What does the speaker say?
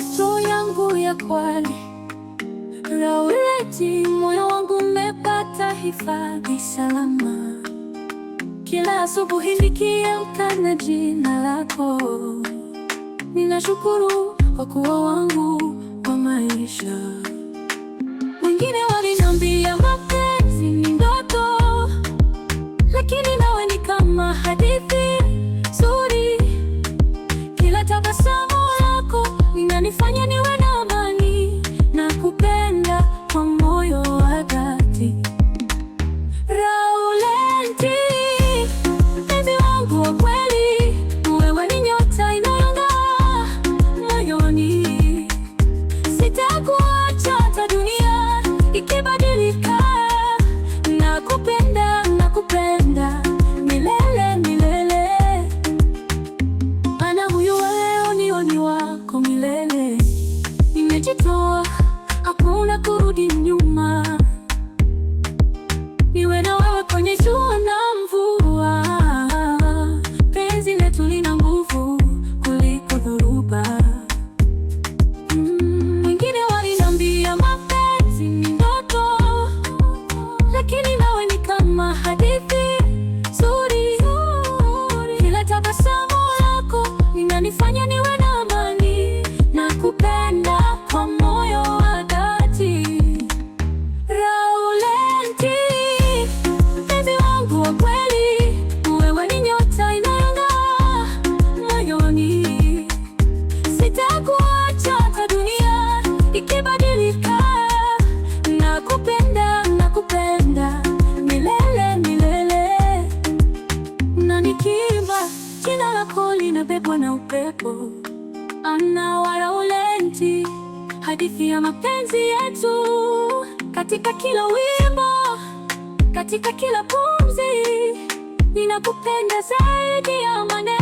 ndoto yangu ya Kwale Laureti, moyo wangu umepata hifadhi salama. Kila asubuhi nikiamka na jina lako, ninashukuru kwa kuwa wangu wa maisha. Wengine waliniambia 记住。anabebwa na upepo, anawala ulenti hadithi ya mapenzi yetu, katika kila wimbo, katika kila pumzi, ninakupenda zaidi ya maneno.